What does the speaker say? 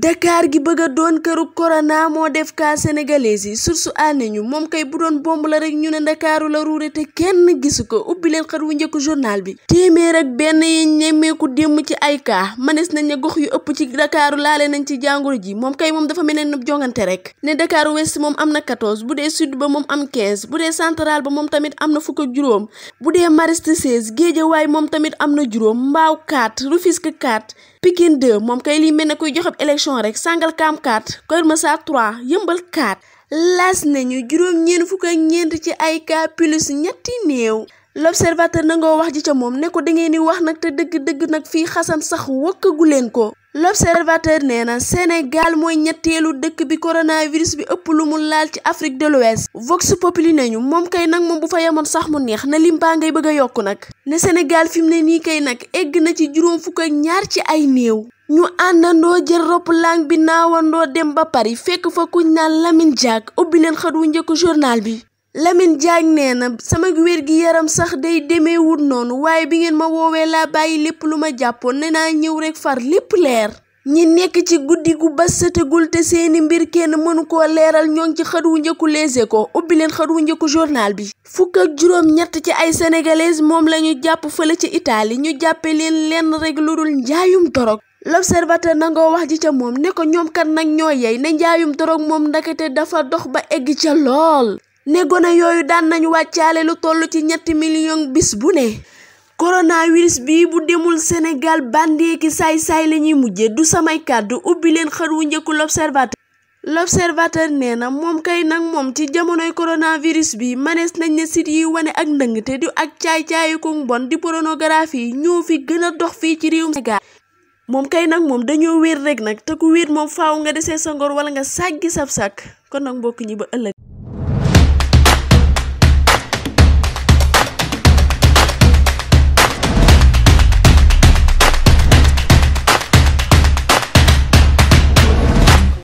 Dakar gi bëgg a doon këru corona moo def cas sénégalais yi sursu ànd ñu moom kay bu doon bomb la rek ñu ne ndakaaru la ruure te kenn gisu ko ubbi leen xët wu njëkk journal bi téeméer ak benn yi ñemmeeku démb ci ay cas mënees nañ ne gox yu ëpp ci Dakar laale nañ ci jàngoro ji moom kay moom dafa mel ne jongante rek ne Dakar Ouest moom am na 14 bu dee sud ba moom am 15 bu dee central ba moom tamit am na fukk ak juróom bu dee Mariste 16 Géejawaay moom tamit am na juróom Mbaaw 4 Rufisque 4 Pikine 2 moom kay lii mel ne kuy joxe élection rek Sangalkam 4 Keur Massar 3 Yeumbeul 4 las nañu juróom-ñeent fukk ñeent ci ay cas plus ñetti néew. L'Observateur nangoo wax ji ca moom ne ko da ngeen di wax nag te dëgg-dëgg nag fii xasan sax wëkkagu leen ko. l'observateur nee na Sénégal mooy ñetteelu dëkk bi coronavirus bi ëpp lu mu laal ci Afrique de l'Ouest Vox Populi nañu moom kay nag moom bu fa yemoon sax mu neex na lim baa ngay bëgg a nag ne Sénégal fi mu ne nii kay nag egg na ci juróom fukk ñaar ci ay néew ñu àndandoo jël roppalaan bi naawandoo dem ba Paris fekk fa kuñ naan Lamine Diack ubbi leen xët wu njëkk journal bi Lamine Diagne nee na sama wér gi yaram sax day demee noonu waaye bi ngeen ma woowee laa bàyyi lépp lu ma jàppoon ne naa ñëw rek far lépp leer. ñi nekk ci guddi gu bas sëtëgul te seeni mbir kenn mënu ko leeral ñoo ci xët wu njëkku leese ko ubbi leen xët wu njëkku journal bi. fukk ak juróom ñett ci ay sénégalais moom la ñu jàpp fële ci Italie ñu jàppe leen lenn rek lu dul njaayum dorog. l'observateur nangoo wax ji ca moom ne ko ñoom nag ñoo yey ne njaayum dorog moom ndakate dafa dox ba egg ca lool. ne gone yooyu daan nañu wàccaale lu toll ci ñetti million bis bu ne coronavirus bii bu demul Sénégal bandeeki saay-saay la ñuy mujje du samay kàddu ubbi leen xër wu njëkku l'observateur l'observateur nee na moom kay nag moom ci jamonoy coronavirus bi manees nañ ne sit yi wane ak ndëngte di ak caay-caayu ko bon di pornographie yi ñoo fi gën a dox fii ci réewum Sénégal moom kay nag moom dañoo wér rek nag te ku wér moom faaw nga desee sa ngor wala nga sàggi sab sàkk kon nag mbokk ñi ba ëllëg